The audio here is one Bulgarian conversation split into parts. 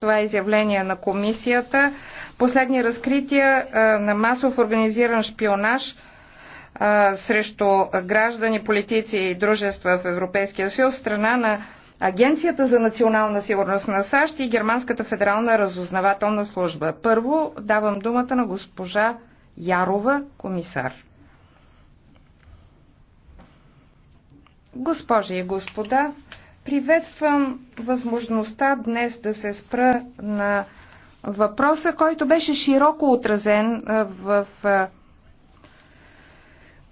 Това е изявление на комисията. Последни разкрития на масов организиран шпионаж срещу граждани, политици и дружества в Европейския съюз, страна на Агенцията за национална сигурност на САЩ и Германската федерална разузнавателна служба. Първо давам думата на госпожа Ярова, комисар. Госпожи и господа, Приветствам възможността днес да се спра на въпроса, който беше широко отразен в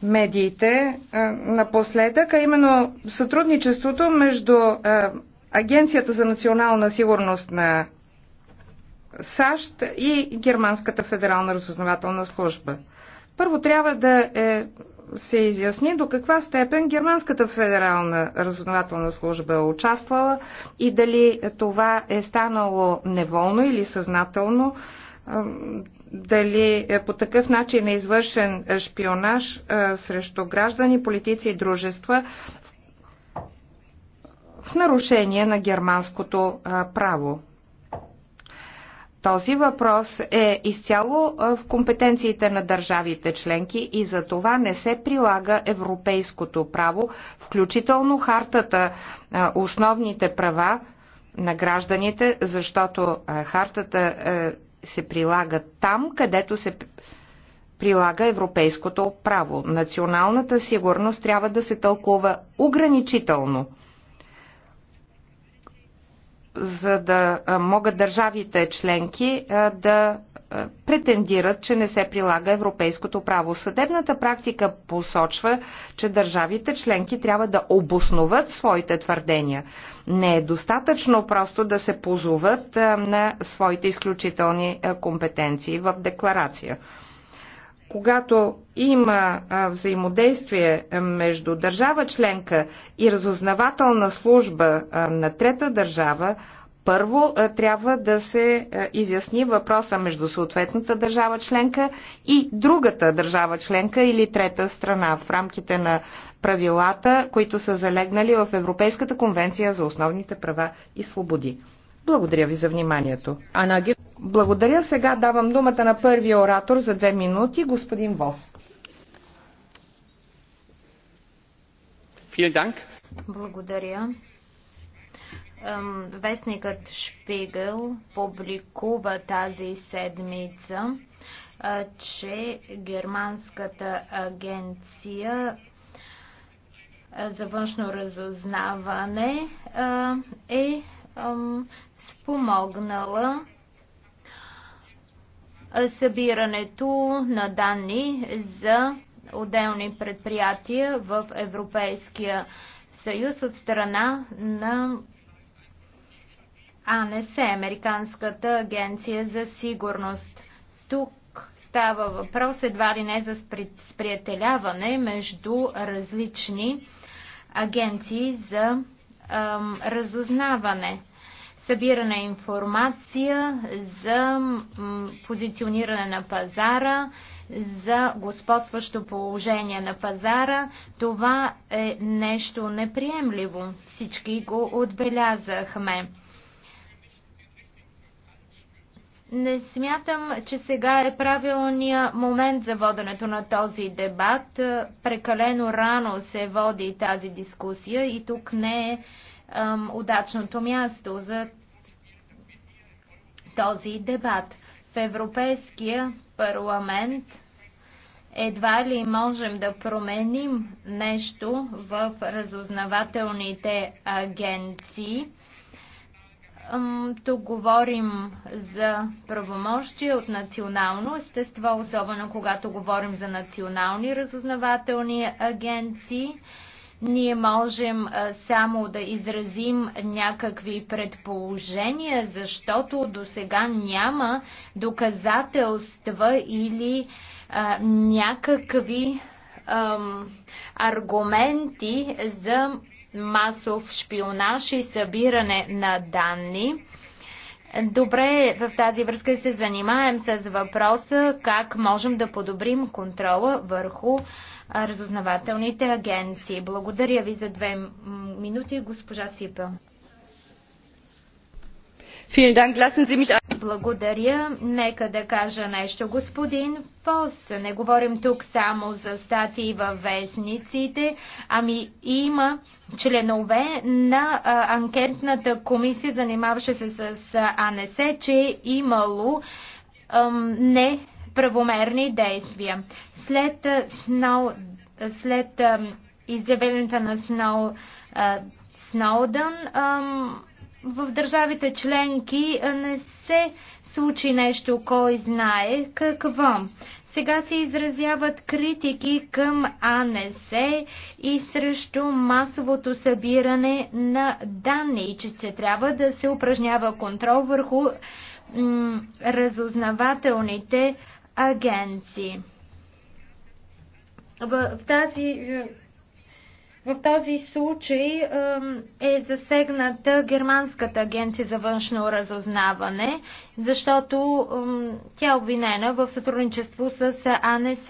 медиите напоследък, а именно сътрудничеството между Агенцията за национална сигурност на САЩ и Германската федерална разузнавателна служба. Първо трябва да е се изясни до каква степен Германската федерална разузнавателна служба е участвала и дали това е станало неволно или съзнателно, дали е по такъв начин е извършен шпионаж срещу граждани, политици и дружества в нарушение на германското право. Този въпрос е изцяло в компетенциите на държавите членки и за това не се прилага европейското право, включително хартата основните права на гражданите, защото хартата се прилага там, където се прилага европейското право. Националната сигурност трябва да се тълкува ограничително – за да могат държавите членки да претендират, че не се прилага европейското право. Съдебната практика посочва, че държавите членки трябва да обосноват своите твърдения. Не е достатъчно просто да се позоват на своите изключителни компетенции в декларация когато има взаимодействие между държава членка и разузнавателна служба на трета държава, първо трябва да се изясни въпроса между съответната държава членка и другата държава членка или трета страна в рамките на правилата, които са залегнали в Европейската конвенция за основните права и свободи. Благодаря ви за вниманието. Анаги... Благодаря. Сега давам думата на първия оратор за две минути, господин Вос. Благодаря. Вестникът Шпигъл публикува тази седмица, че германската агенция за външно разузнаване е спомогнала събирането на данни за отделни предприятия в Европейския съюз от страна на АНС, Американската агенция за сигурност. Тук става въпрос едва ли не за сприятеляване между различни агенции за разузнаване, събиране информация за позициониране на пазара, за господстващо положение на пазара. Това е нещо неприемливо. Всички го отбелязахме. Не смятам, че сега е правилният момент за воденето на този дебат. Прекалено рано се води тази дискусия и тук не е ам, удачното място за този дебат. В Европейския парламент едва ли можем да променим нещо в разузнавателните агенции. Тук говорим за правомощия от национално естество, особено когато говорим за национални разузнавателни агенции. Ние можем само да изразим някакви предположения, защото до сега няма доказателства или а, някакви аргументи за масов шпионаж и събиране на данни. Добре в тази връзка се занимаем с въпроса как можем да подобрим контрола върху разузнавателните агенции. Благодаря ви за две минути, госпожа Сипел. Благодаря. Нека да кажа нещо, господин Фос. Не говорим тук само за статии във вестниците, ами има членове на а, анкетната комисия, занимаваше се с АНС, че е имало неправомерни действия. След, Сноу, след изявлението на Сноу, а, Сноудън, в държавите членки не се случи нещо, кой знае какво. Сега се изразяват критики към АНС и срещу масовото събиране на данни, че се трябва да се упражнява контрол върху разузнавателните агенции. В, в тази е, в този случай е засегната Германската агенция за външно разузнаване, защото тя е обвинена в сътрудничество с АНС.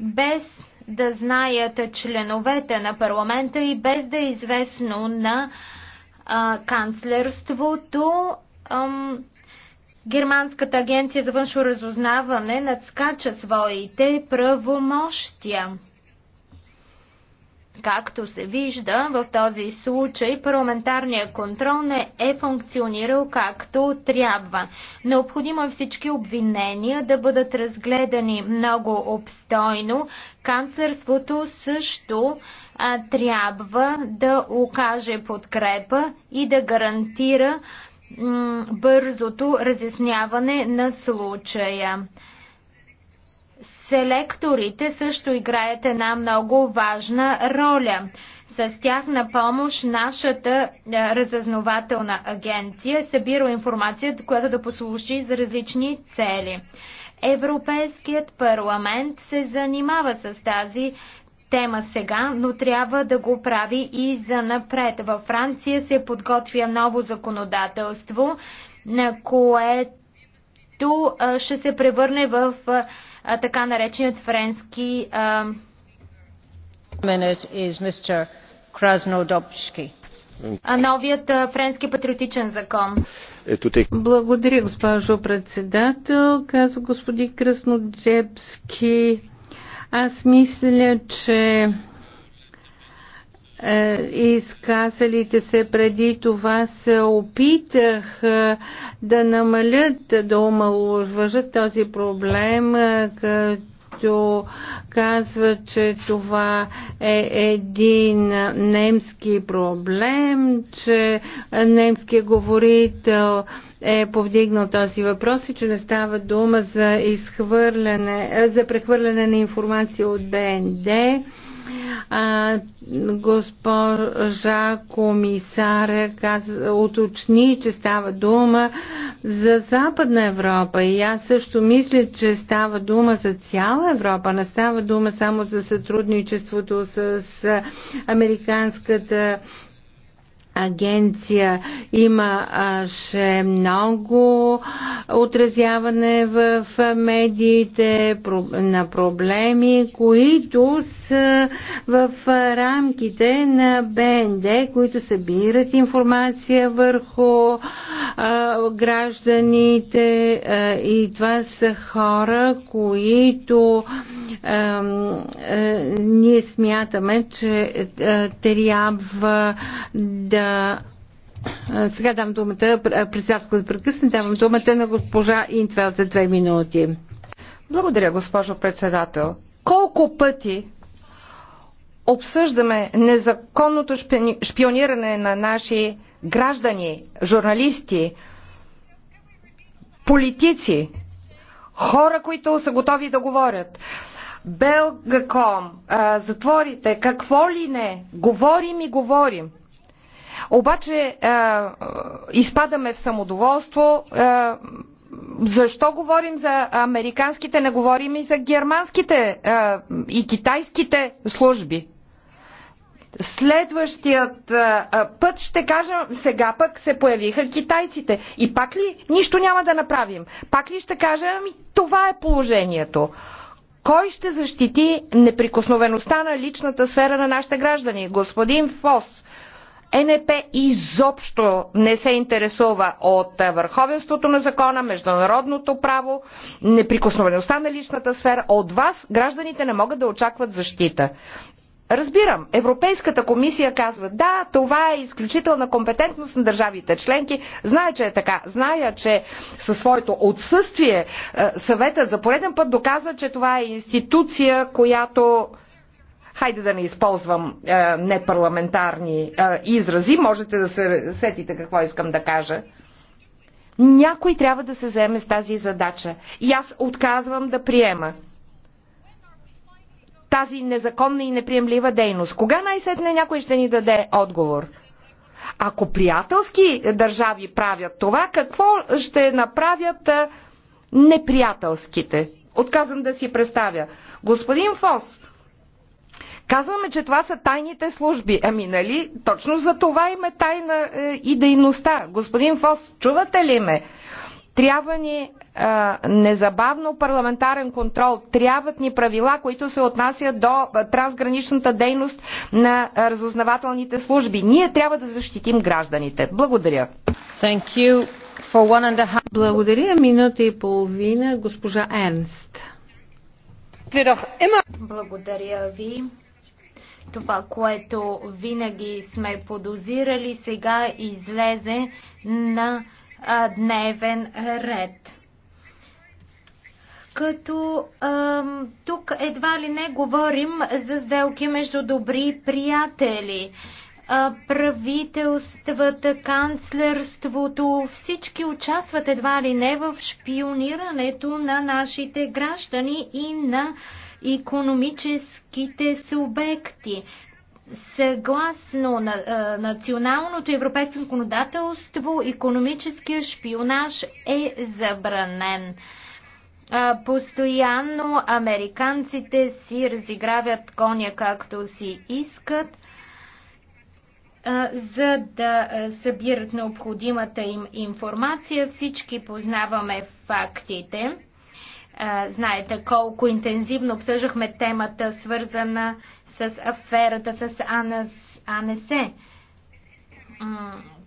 Без да знаят членовете на парламента и без да е известно на канцлерството, Германската агенция за външно разузнаване надскача своите правомощия. Както се вижда, в този случай парламентарният контрол не е функционирал както трябва. Необходимо е всички обвинения да бъдат разгледани много обстойно. Канцърството също а, трябва да окаже подкрепа и да гарантира бързото разясняване на случая. Селекторите също играят една много важна роля. С тях на помощ нашата е, разъзнавателна агенция събира информация, която да послужи за различни цели. Европейският парламент се занимава с тази тема сега, но трябва да го прави и за напред. Във Франция се подготвя ново законодателство, на което ще се превърне в така нареченият френски. Новият френски патриотичен закон. Благодаря, госпожо председател. казва господин Краснодепски аз мисля, че е, изказалите се преди това се опитах е, да намалят, да омалуважат този проблем, е, като казва, че това е един немски проблем, че немският говорител е повдигнал този въпрос и че не става дума за изхвърляне, за прехвърляне на информация от БНД. А, госпожа комисаря каза, уточни, че става дума за Западна Европа и аз също мисля, че става дума за цяла Европа, не става дума само за сътрудничеството с Американската агенция имаше много отразяване в медиите на проблеми, които в рамките на БНД, които събират информация върху а, гражданите а, и това са хора, които а, а, ние смятаме, че а, трябва да сега дам думата, председателко да прекъсне, давам думата на госпожа Интвел за две минути. Благодаря, госпожо председател. Колко пъти обсъждаме незаконното шпиониране на наши граждани, журналисти, политици, хора, които са готови да говорят. Белгаком, затворите, какво ли не, говорим и говорим. Обаче е, изпадаме в самодоволство. Е, защо говорим за американските, не говорим и за германските е, и китайските служби? следващият а, път ще кажа, сега пък се появиха китайците. И пак ли нищо няма да направим? Пак ли ще кажа, ами това е положението? Кой ще защити неприкосновеността на личната сфера на нашите граждани? Господин Фос, НП изобщо не се интересува от върховенството на закона, международното право, неприкосновеността на личната сфера. От вас гражданите не могат да очакват защита. Разбирам, Европейската комисия казва, да, това е изключителна компетентност на държавите членки, зная, че е така, зная, че със своето отсъствие е, съветът за пореден път доказва, че това е институция, която хайде да не използвам е, непарламентарни е, изрази, можете да се сетите какво искам да кажа. Някой трябва да се заеме с тази задача. И аз отказвам да приема тази незаконна и неприемлива дейност. Кога най-сетне някой ще ни даде отговор? Ако приятелски държави правят това, какво ще направят неприятелските? Отказвам да си представя. Господин Фос, Казваме, че това са тайните служби. Ами нали, точно за това има тайна е, и дейността. Господин Фос, чувате ли ме? Трябва ни а, незабавно парламентарен контрол, трябват ни правила, които се отнасят до трансграничната дейност на разузнавателните служби. Ние трябва да защитим гражданите. Благодаря. Thank you for one and a half... Благодаря. Минута и половина, госпожа Ернст. Благодаря ви. Това, което винаги сме подозирали, сега излезе на а, дневен ред. Като а, тук едва ли не говорим за сделки между добри приятели. А, правителствата, канцлерството, всички участват едва ли не в шпионирането на нашите граждани и на економическите субекти. Съгласно на, а, националното европейско законодателство, економическия шпионаж е забранен. А, постоянно американците си разигравят коня както си искат, а, за да събират необходимата им информация. Всички познаваме фактите. Знаете колко интензивно обсъждахме темата, свързана с аферата с АНС,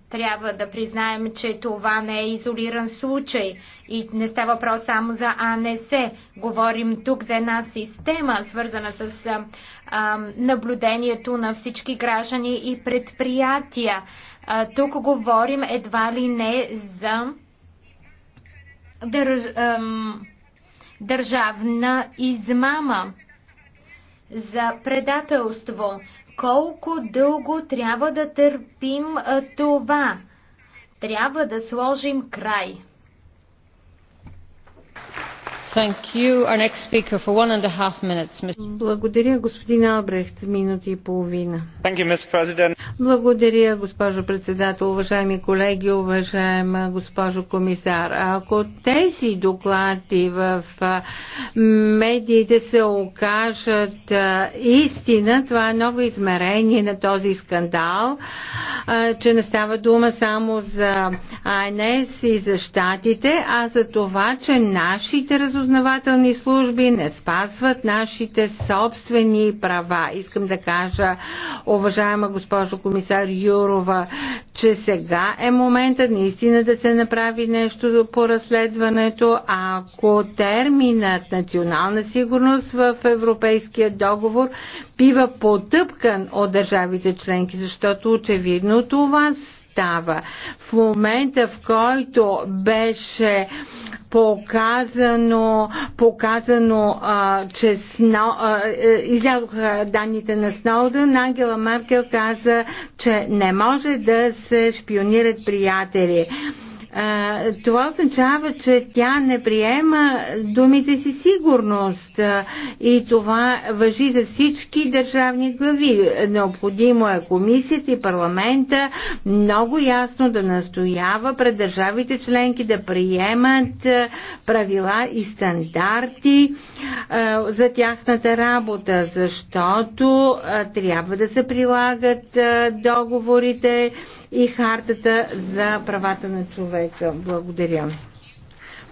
Трябва да признаем, че това не е изолиран случай и не става въпрос само за АНС. Говорим тук за една система, свързана с а, наблюдението на всички граждани и предприятия. А, тук говорим едва ли не за държ, държавна измама за предателство. Колко дълго трябва да търпим това? Трябва да сложим край. Благодаря, господин Албрехт, минути и половина. Благодаря, госпожо председател, уважаеми колеги, уважаема госпожо комисар. Ако тези доклади в медиите се окажат истина, това е ново измерение на този скандал, че не става дума само за АНС и за щатите, а за това, че нашите разузнавания разузнавателни служби не спазват нашите собствени права. Искам да кажа, уважаема госпожо комисар Юрова, че сега е моментът наистина да се направи нещо по разследването, ако терминът национална сигурност в Европейския договор бива потъпкан от държавите членки, защото очевидно това става. В момента, в който беше показано, показано а, че Сно, а, е, излязоха данните на Сноудън, Ангела Маркел каза, че не може да се шпионират приятели. А, това означава, че тя не приема думите си сигурност и това въжи за всички държавни глави. Необходимо е комисията и парламента много ясно да настоява пред държавите членки да приемат правила и стандарти за тяхната работа, защото трябва да се прилагат договорите и хартата за правата на човека. Благодаря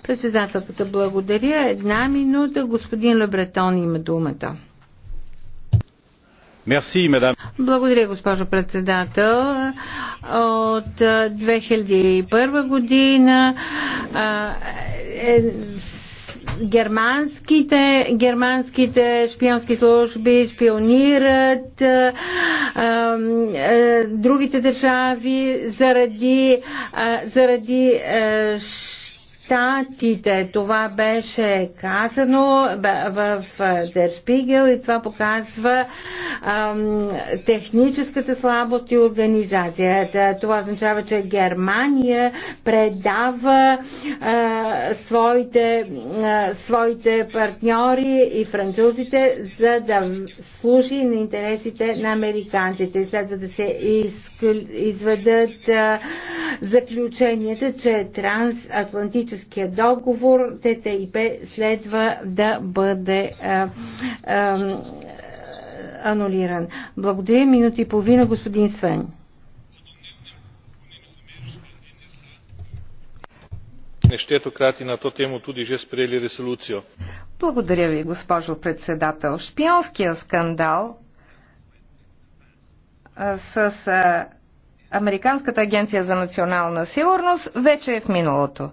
Председателката благодаря. Една минута. Господин Лебретон има думата. Merci, Благодаря, госпожо председател. От 2001 година е, германските, германските шпионски служби шпионират а, а, другите държави заради, а, заради а, щатите. Това беше казано в Der Spiegel и това показва ам, техническата слабост и организацията. Това означава, че Германия предава а, своите, а, своите партньори и французите, за да служи на интересите на американците. Следва да се иска изведат заключенията, че трансатлантическия договор ТТИП следва да бъде анулиран. Благодаря минути и половина, господин Свен. крати на то temo туди же sprejeli резолюцио. Благодаря ви, госпожо председател. Шпионския скандал с Американската агенция за национална сигурност вече е в миналото.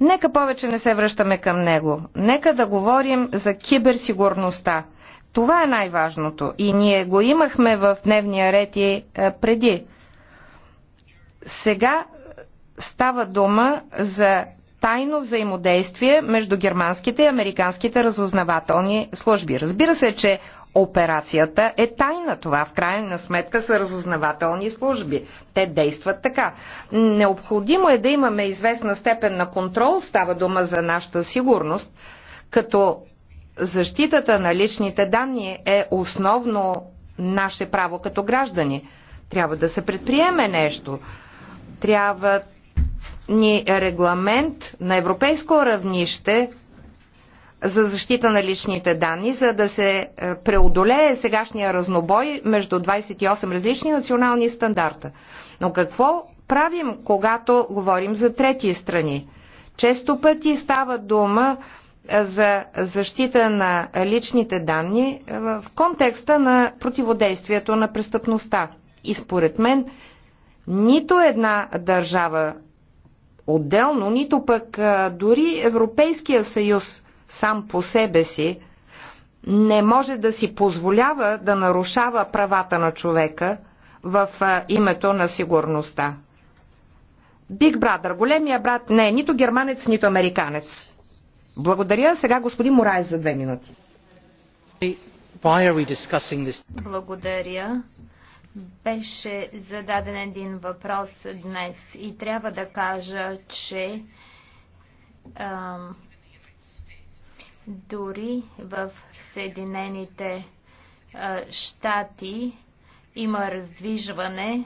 Нека повече не се връщаме към него. Нека да говорим за киберсигурността. Това е най-важното и ние го имахме в дневния ред и преди. Сега става дума за тайно взаимодействие между германските и американските разузнавателни служби. Разбира се, че операцията е тайна. Това в крайна сметка са разузнавателни служби. Те действат така. Необходимо е да имаме известна степен на контрол, става дума за нашата сигурност, като защитата на личните данни е основно наше право като граждани. Трябва да се предприеме нещо. Трябва ни регламент на европейско равнище, за защита на личните данни, за да се е, преодолее сегашния разнобой между 28 различни национални стандарта. Но какво правим, когато говорим за трети страни? Често пъти става дума е, за защита на личните данни е, в контекста на противодействието на престъпността. И според мен нито една държава отделно, нито пък дори Европейския съюз – сам по себе си не може да си позволява да нарушава правата на човека в името на сигурността. Биг Брадър, големия брат, не е нито германец, нито американец. Благодаря. Сега господин Морайс за две минути. Благодаря. Беше зададен един въпрос днес и трябва да кажа, че дори в Съединените щати има раздвижване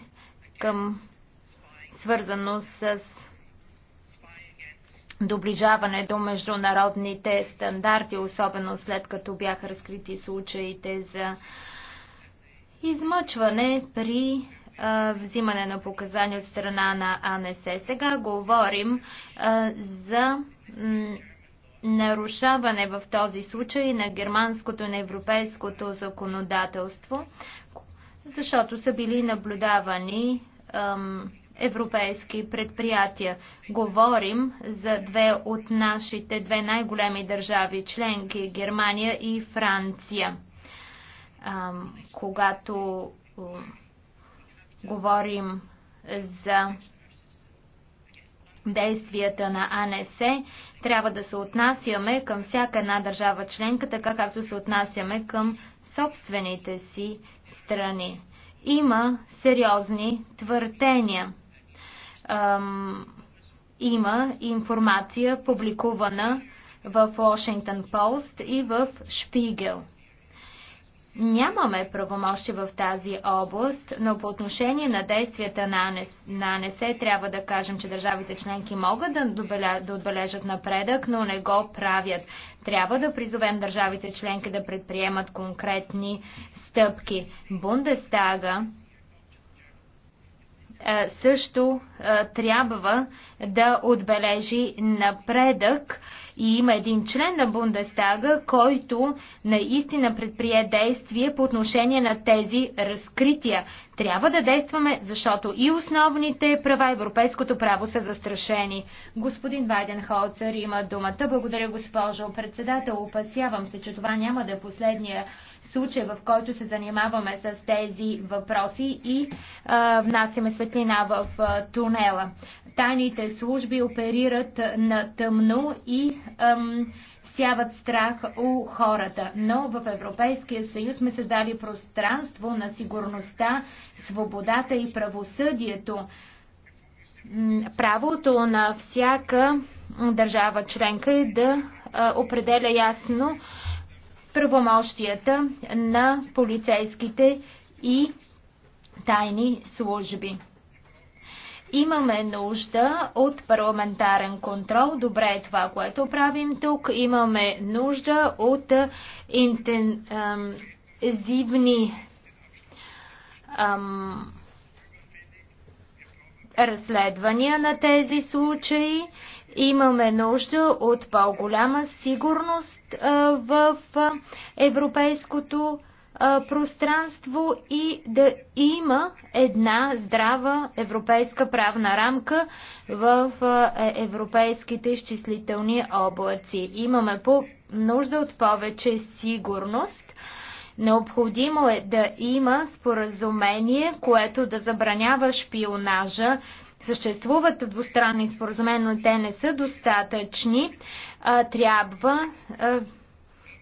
към свързано с доближаване до международните стандарти, особено след като бяха разкрити случаите за измъчване при а, взимане на показания от страна на АНС. Сега говорим а, за нарушаване в този случай на германското на европейското законодателство, защото са били наблюдавани ем, европейски предприятия. Говорим за две от нашите две най-големи държави членки Германия и Франция. Ем, когато е, говорим за действията на АНС, трябва да се отнасяме към всяка една държава членка, така както се отнасяме към собствените си страни. Има сериозни твърдения. Ам, има информация публикувана в Washington Post и в Шпигел. Нямаме правомощи в тази област, но по отношение на действията на АНС, на АНС трябва да кажем, че държавите членки могат да, добеля, да отбележат напредък, но не го правят. Трябва да призовем държавите членки да предприемат конкретни стъпки. Бундестага е, също е, трябва да отбележи напредък и има един член на Бундестага, който наистина предприе действие по отношение на тези разкрития. Трябва да действаме, защото и основните права, европейското право са застрашени. Господин Вайденхолцер има думата. Благодаря, госпожо председател. Опасявам се, че това няма да е последния случая, в който се занимаваме с тези въпроси и а, внасяме светлина в а, тунела. Тайните служби оперират на тъмно и ам, сяват страх у хората. Но в Европейския съюз сме създали пространство на сигурността, свободата и правосъдието. Правото на всяка държава членка е да определя ясно правомощията на полицейските и тайни служби. Имаме нужда от парламентарен контрол. Добре е това, което правим тук. Имаме нужда от интензивни разследвания на тези случаи Имаме нужда от по-голяма сигурност в европейското пространство и да има една здрава европейска правна рамка в е, европейските изчислителни облаци. Имаме по нужда от повече сигурност. Необходимо е да има споразумение, което да забранява шпионажа, Съществуват двустранни споразумения, но те не са достатъчни. Трябва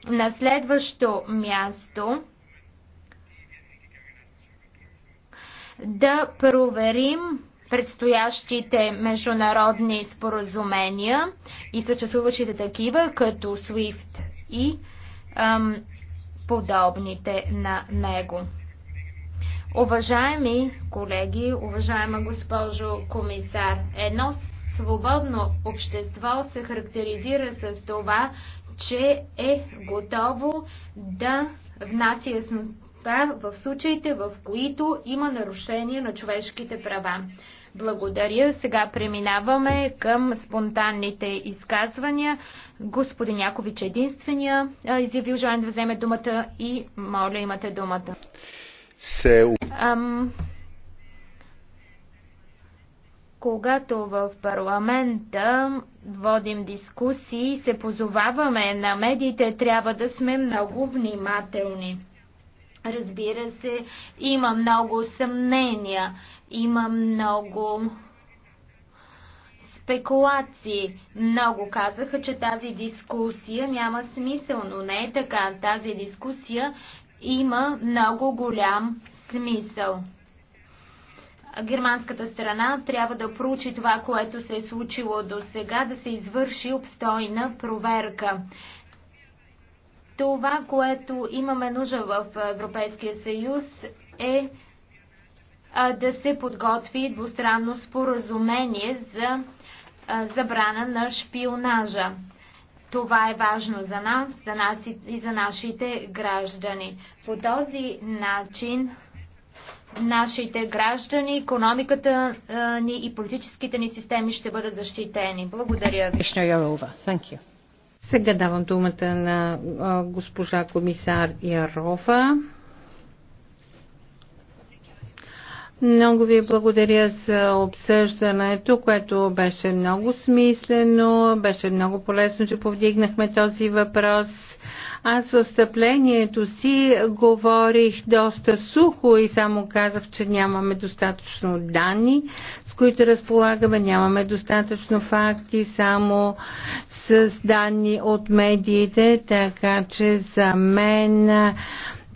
на следващо място да проверим предстоящите международни споразумения и съществуващите такива, като SWIFT и ам, подобните на него. Уважаеми колеги, уважаема госпожо комисар, едно свободно общество се характеризира с това, че е готово да внася яснота в случаите, в които има нарушение на човешките права. Благодаря. Сега преминаваме към спонтанните изказвания. Господин Якович единствения изявил желание да вземе думата и моля имате думата се... Ам... Когато в парламента водим дискусии, се позоваваме на медиите, трябва да сме много внимателни. Разбира се, има много съмнения, има много спекулации. Много казаха, че тази дискусия няма смисъл, но не е така. Тази дискусия има много голям смисъл. Германската страна трябва да проучи това, което се е случило до сега, да се извърши обстойна проверка. Това, което имаме нужда в Европейския съюз е да се подготви двустранно споразумение за забрана на шпионажа. Това е важно за нас, за нас и за нашите граждани. По този начин нашите граждани, економиката ни и политическите ни системи ще бъдат защитени. Благодаря ви. Сега давам думата на госпожа комисар Ярова. Много ви благодаря за обсъждането, което беше много смислено, беше много полезно, че повдигнахме този въпрос. Аз в отстъплението си говорих доста сухо и само казах, че нямаме достатъчно данни, с които разполагаме, нямаме достатъчно факти, само с данни от медиите, така че за мен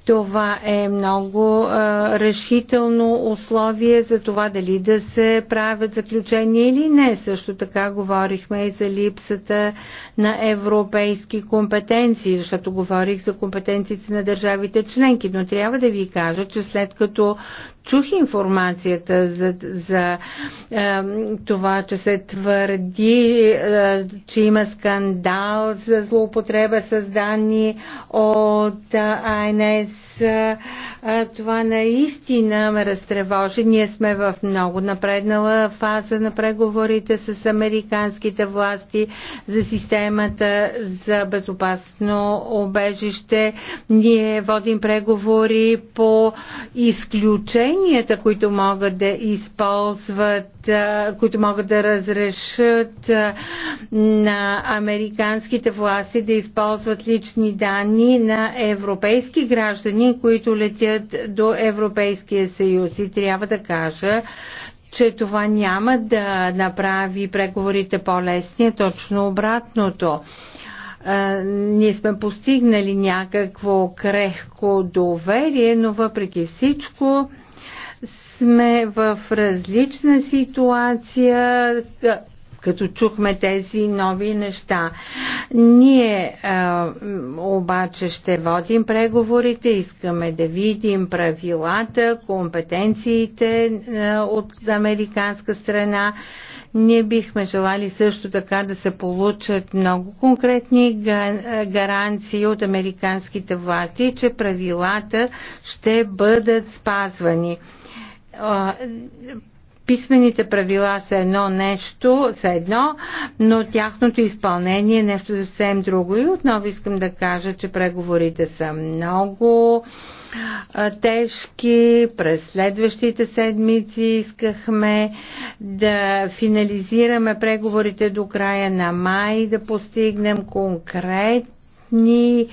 това е много а, решително условие за това дали да се правят заключения или не. Също така говорихме и за липсата на европейски компетенции, защото говорих за компетенциите на държавите членки. Но трябва да ви кажа, че след като чух информацията за, за е, това, че се твърди, е, че има скандал за злоупотреба с данни от е, АНС това наистина ме разтревожи. Ние сме в много напреднала фаза на преговорите с американските власти за системата за безопасно обежище. Ние водим преговори по изключенията, които могат да използват които могат да разрешат на американските власти да използват лични данни на европейски граждани, които летят до Европейския съюз. И трябва да кажа, че това няма да направи преговорите по-лесни, точно обратното ние сме постигнали някакво крехко доверие, но въпреки всичко сме в различна ситуация, като чухме тези нови неща. Ние а, обаче ще водим преговорите, искаме да видим правилата, компетенциите а, от американска страна. Ние бихме желали също така да се получат много конкретни гаранции от американските власти, че правилата ще бъдат спазвани писмените правила са едно нещо, са едно, но тяхното изпълнение е нещо съвсем друго. И отново искам да кажа, че преговорите са много тежки. През следващите седмици искахме да финализираме преговорите до края на май, да постигнем конкретни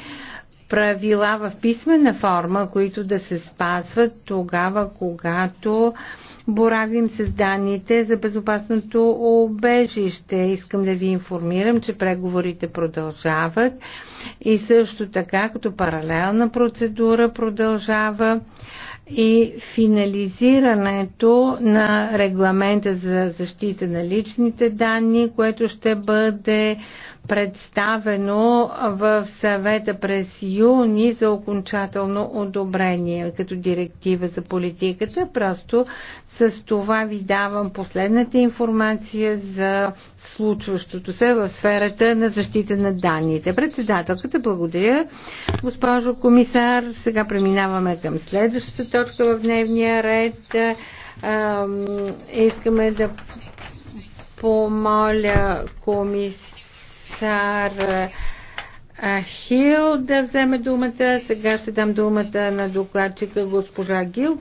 правила в писмена форма, които да се спазват тогава, когато боравим с данните за безопасното обежище. Искам да ви информирам, че преговорите продължават и също така като паралелна процедура продължава и финализирането на регламента за защита на личните данни, което ще бъде представено в съвета през юни за окончателно одобрение като директива за политиката. Просто с това ви давам последната информация за случващото се в сферата на защита на данните. Председателката, благодаря. Госпожо комисар, сега преминаваме към следващата точка в дневния ред. Искаме да помоля комисар Хил да вземе думата. Сега ще дам думата на докладчика госпожа Гил